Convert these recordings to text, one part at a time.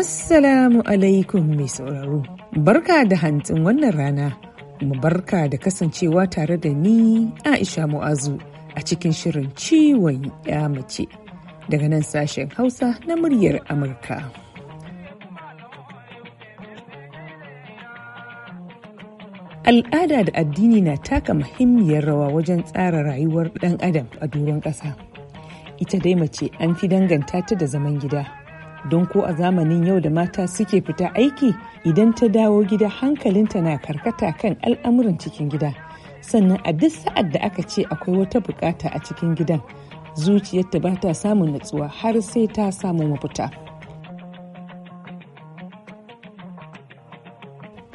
Assalamu alaikum mai sauraro. Barka da hantsin wannan rana, kuma barka da kasancewa tare da ni Aisha Mu'azu a cikin shirin ciwon ya mace daga nan sashen Hausa na muryar Amurka. Al'ada da addini na taka muhimmiyar rawa wajen tsara rayuwar ɗan adam a doron ƙasa. Ita dai mace an fi danganta ta da zaman gida. don ko a zamanin yau da mata suke fita aiki idan ta dawo gida hankalinta na karkata kan al'amuran cikin gida sannan a duk sa'ad da aka ce akwai wata bukata a cikin gidan zuciyarta ba ta samun natsuwa har sai ta samu mafita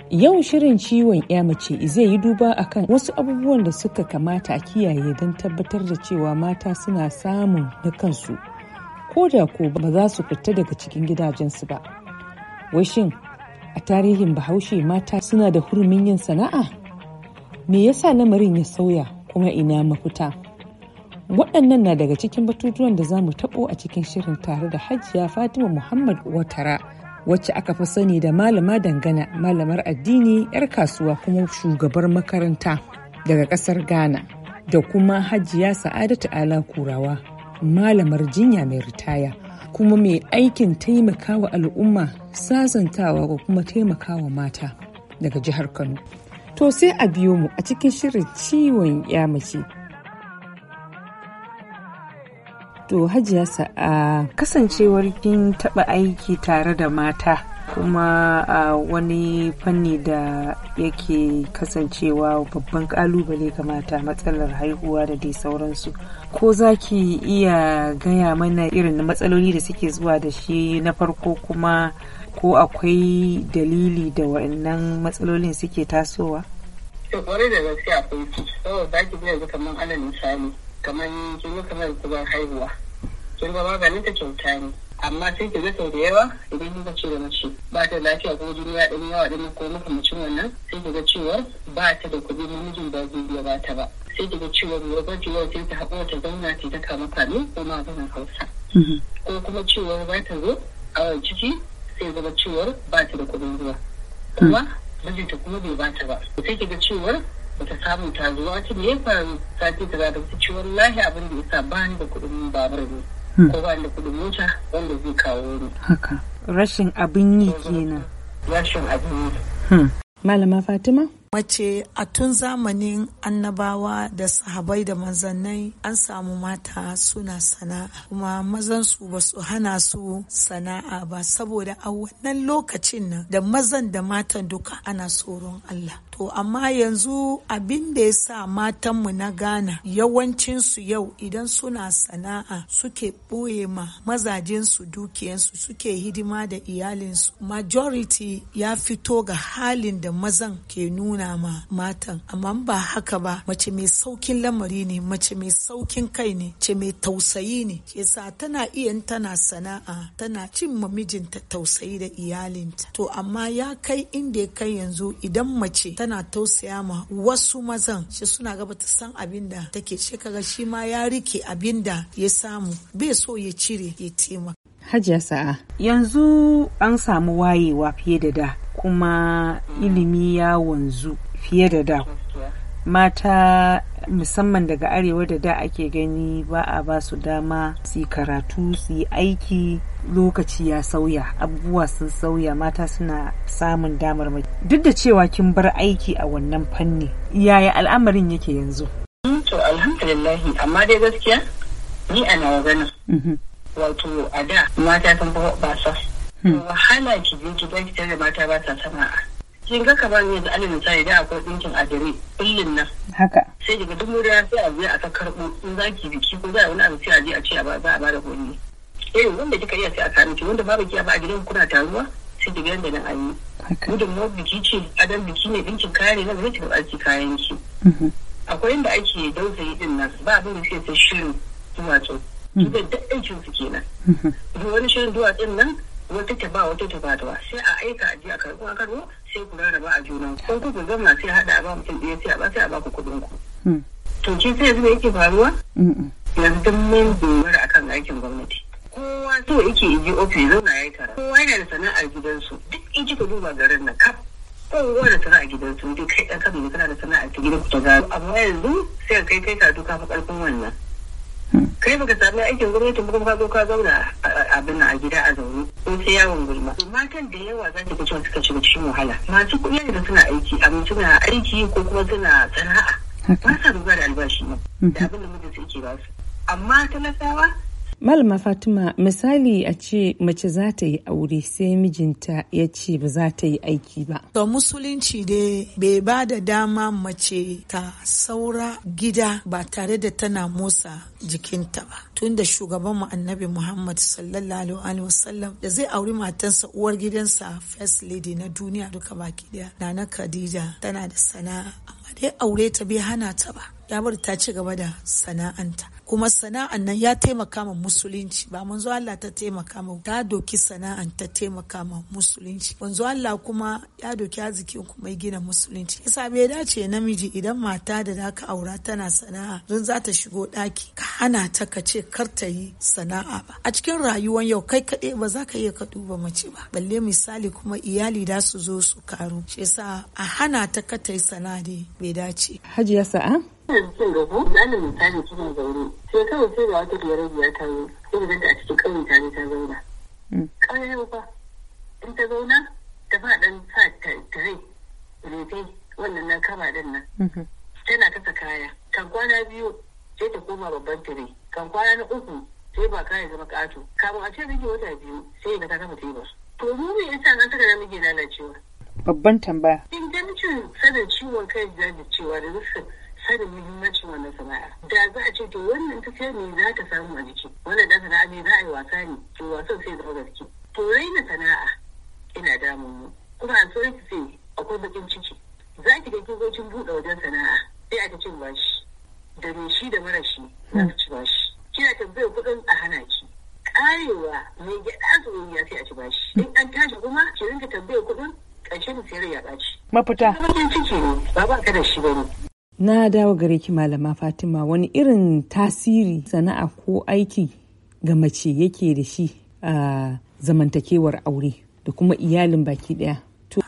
yau shirin ciwon ya mace zai yi duba akan wasu abubuwan da suka kamata a kiyaye don tabbatar da cewa mata suna samun na kansu ko da ko ba za su fita daga cikin gidajensu ba wai shin a tarihin bahaushe mata suna da hurumin yin sana'a me yasa lamarin ya sauya kuma ina mafita waɗannan na daga cikin batutuwan da za mu taɓo a cikin shirin tare da hajiya fatima muhammad watara wacce aka fi sani da malama dangana malamar addini 'yar kasuwa kuma shugabar makaranta daga ƙasar ghana da kuma hajiya sa'adatu ala kurawa malamar jinya mai ritaya kuma mai aikin taimakawa al'umma sasantawa ga kuma taimakawa mata daga jihar kano to sai a biyo mu a cikin shirin ciwon ya mace to hajiya sa'a kasancewar kin taba aiki tare da mata kuma a wani fanni da yake kasancewa babban kalubale kamata matsalar haihuwa da dai sauransu ko za ki iya gaya mana irin matsaloli da suke zuwa da shi na farko kuma ko akwai dalili da waɗannan matsalolin suke tasowa kwarai da gaske akwai su saboda za ki yanzu kamar alal misali kamar kin yi kamar zubar haihuwa kin ga maganin ta kyauta ne amma sai ta ga sau da yawa idan kika ce da mace ba ta lafiya ko jini ya ɗan yawa dan ko mace wannan sai ka ga cewa ba ta da kuɗi namijin ba zai iya ba ta ba sai ka ga cewa ta yau sai ta haƙura ta zauna ta ta kama kame ko maganin hausa mhm. ko kuma cewa ba ta zo a ciki sai zama cewar ba ta da kuɗin ruwa kuma mhm. mijinta kuma bai ba ta ba sai ki ga cewar bata samu ta zuwa ta ne ya faru sati ta za ta fi lahi abin da ya sa ba ni da kuɗin babur ne ko da mota wanda zai kawo ni rashin abin yi kenan rashin abin yi hmm. malama fatima mace a tun zamanin annabawa da sahabai da manzannai an samu mata suna sana'a kuma su ba su hana su sana'a ba saboda a wannan lokacin nan da mazan da matan duka ana tsoron Allah to amma yanzu abin da ya sa matanmu na ghana yawancinsu yau idan suna sana'a suke ɓoye ma mazajensu dukiyansu suke hidima da iyalinsu majority ya fito ga halin da mazan ke nuna ma matan amma ba haka ba mace mai saukin lamari ne mace mai saukin kai ne ce mai tausayi ne ke sa tana iya tana sana'a tana cin mamijinta tausayi da iyalinta to amma ya kai inda ya kai yanzu idan mace tana tausaya ma wasu mazan shi suna ga bata san abin da take ce kaga shi ma ya rike abin da ya samu bai so ya cire ya tema Hajiya sa'a yanzu an samu wayewa fiye da da kuma ilimi ya wanzu fiye da da mata musamman daga arewa da da ake gani ba a ba su dama su karatu su yi aiki lokaci ya sauya abubuwa sun sauya mata suna samun damar duk da cewa kin bar aiki a wannan fanni yaya al'amarin yake yanzu mm, to alhamdulillahi amma dai gaskiya ni a nawa ganin mm-hmm. wato a da mata sun ba sa hmm. wahala ki je ki da mata ba sa sana'a kin ga bani yanzu alal misali da akwai dinkin adare kullun nan haka sai daga duk muriya sai a biya a ta karbo in za ki biki ko za a wani abu sai a je a ce a ba za a ba da gobe eh wanda kika iya sai a kare ki wanda babu kiya ba a gidan kuna taruwa sai ki ga nan an yi mu biki ce adan biki ne dinkin kaya ne nan zai tafi aiki kayan ki mhm. akwai inda ake dausayi din nan ba abin da sai sai shirin duwatsu mhm. duk da aikin su kenan mhm. wani shirin duwatsun nan wata ta ba wata ta ba ta ba sai a aika a je a karɓo a karɓo sai ku rarraba a juna ko ku zama sai haɗa a ba mutum ɗaya sai a ba sai a ba ku kuɗin ku. Hmm. to ki sai yanzu yake faruwa. yanzu mun dogara akan aikin gwamnati. kowa so yake iji ofis zauna ya yi tara kowa yana da sana'ar gidansu duk in kika duba garin na kaf kowa da sana'a gidansu duk kai ɗan kano kana da sana'ar ta gida ku ta gado amma yanzu sai kai kai ka duka fa ƙarfin wannan. kai baka sami aikin gwamnati ba kuma ka zo ka zauna abin a gida a zaune in sai yawon gulma matan da yawa za ta cewa suka shiga cikin wahala masu kuɗi da suna aiki amma suna aiki ko kuma suna sana'a ba sa dogara albashi ne da mhm. abin da mutum suke ba su amma talakawa Malama Fatima misali a ce mace za ta yi aure sai mijinta ya ce ba za ta yi aiki ba. To musulunci dai bai ba da dama mace ta saura gida ba tare da tana motsa jikinta ba. Tun da shugaban mu annabi Muhammad sallallahu alaihi wasallam da zai auri matansa uwar gidansa first lady na duniya duka baki daya. Nana Khadija tana da sana'a amma dai aure ta bai hana ta ba. damar ta ci gaba da sana'anta kuma sana'an nan ya taimaka ma musulunci ba manzo Allah ta taimaka ma ta doki sana'an ta taimaka ma musulunci manzo Allah kuma ya doki arzikin kuma ya gina musulunci yasa bai dace namiji idan mata da zaka aura tana sana'a don za ta shigo daki ka hana ta ka ce kar ta yi sana'a ba a cikin rayuwar yau kai kaɗai ba za ka iya ka duba mace ba balle misali kuma iyali da su zo su karu shi yasa a hana ta ka ta yi sana'a dai bai dace hajiya sa'a Ina jin gabo, ana misali kina zaune. Shekaru sai ba wata biyar ta zo, sai da a cikin ƙauye ta ta zauna. Mm. Ƙauye ba, in ta zauna, ta ba ɗan sa tare, rufe, wannan na kama ɗin nan. Mm-hmm. Tana kasa kaya, kan kwana biyu sai ta koma babban tire, kan kwana na uku sai ba kaya zama ƙato. Kamun a ce rage wata biyu sai ga ta kafa tebur. To mu me yasa an saka namiji lalacewa? Babban tambaya. In sanin ciwon kai da cewa da rufin? sanin muhimmancin wannan sana'a da za a ce to wannan ta ce me za ta samu a jiki wannan dan sana'a ne za a yi wasa ne to wasan sai zama gaske to raina sana'a ina damun mu kuma a soyi sai akwai bakin ciki za ki ga kin buɗe wajen sana'a sai a ta cin bashi da me shi da mara shi za ta ci bashi kina tambayar kuɗin a hana ki karewa mai gyaɗa zuwa ya sai a ci bashi in an tashi kuma ki rinka tambayar kuɗin ƙarshen sayar ya ɓaci. mafita. bakin ciki ne ba ba ka da shi ba ne. Na dawo gare ki malama Fatima wani irin tasiri sana'a ko aiki ga mace yake da shi a zamantakewar aure da kuma iyalin baki daya.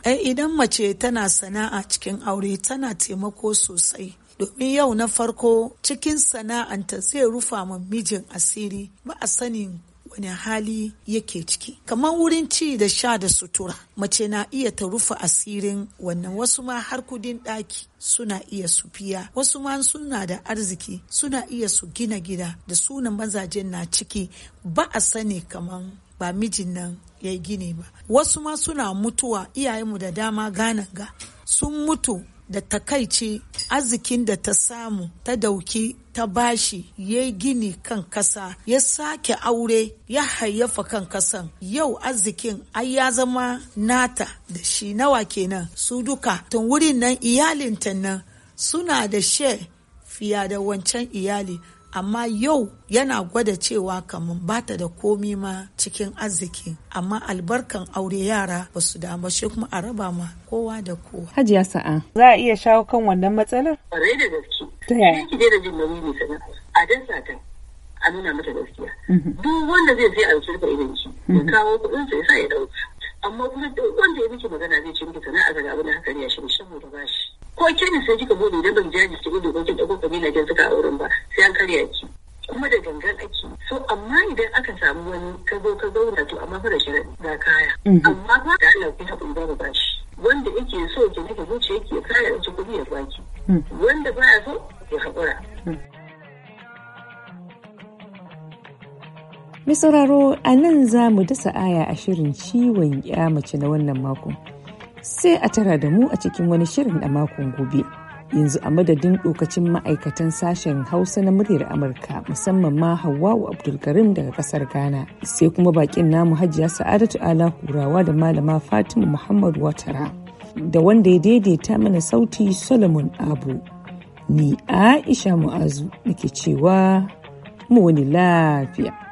Eh, idan mace tana sana'a cikin aure tana taimako sosai. domin yau na farko cikin sana'anta zai rufa ma mijin asiri ba a sanin wani hali yake ciki kamar wurin ci da sha da sutura mace na iya ta rufe asirin wannan wasu ma har kudin ɗaki suna iya su fiya. wasu ma suna da arziki suna iya su gina gida da sunan mazajen na ciki ba a sani kamar ba mijin nan ya yi gini ba wasu ma suna mutuwa iyayenmu da dama ganaga, ga sun mutu da takaici arzikin da ta samu ta dauki ta bashi ya gini kan kasa ya sake aure ya hayyafa kan kasan yau arzikin ai ya zama nata da shi nawa kenan su duka tun wurin nan iyalinta nan suna da she fiya da wancan iyali amma yau yana gwada cewa kamar ba ta da komi ma cikin arziki amma albarkan aure yara ba su damu shi kuma a raba ma kowa da kowa. Hajiya sa'a. Za a iya shawo kan wannan matsalar? Ƙwarai da gaske. Ta yaya? Ki da jin nauyi ne sanar. A dan ta a nuna mata gaskiya. Mhm. Duk wanda zai je a shirka irin shi. Ya mhm. kawo kuɗin sa ya sa ya ɗauka. Amma kuma duk wanda ya miki magana zai ci miki sana'a ga abin da haka ne ya shirya saboda ba shi. ko ne sai kika bude da ban jaji ki ido kin dauko kabila na jinsu ka auren ba sai an karya ki kuma da gangan ake so amma idan aka samu wani ka zo ka zauna to amma fara shi ga kaya mhm. amma ba da Allah ki haɗin ba bashi wanda yake so ki nake zuciya ki kaya da kuɗi ya baki hmm. wanda baya so ya haƙura hmm. Mai sauraro a nan za mu dasa aya a shirin ciwon ya mace na wannan makon. sai a tara da mu a cikin wani shirin a makon gobe. Yanzu a madadin lokacin ma'aikatan sashen Hausa na muryar Amurka musamman ma Hawwa'u Abdulkarim daga kasar Ghana. Sai kuma bakin namu Hajiya Sa'adatu Ala Hurawa da Malama Fatima Muhammad Watara. Da wanda ya daidaita mana sauti Solomon Abu. Ni Aisha Mu'azu nake cewa mu wani lafiya.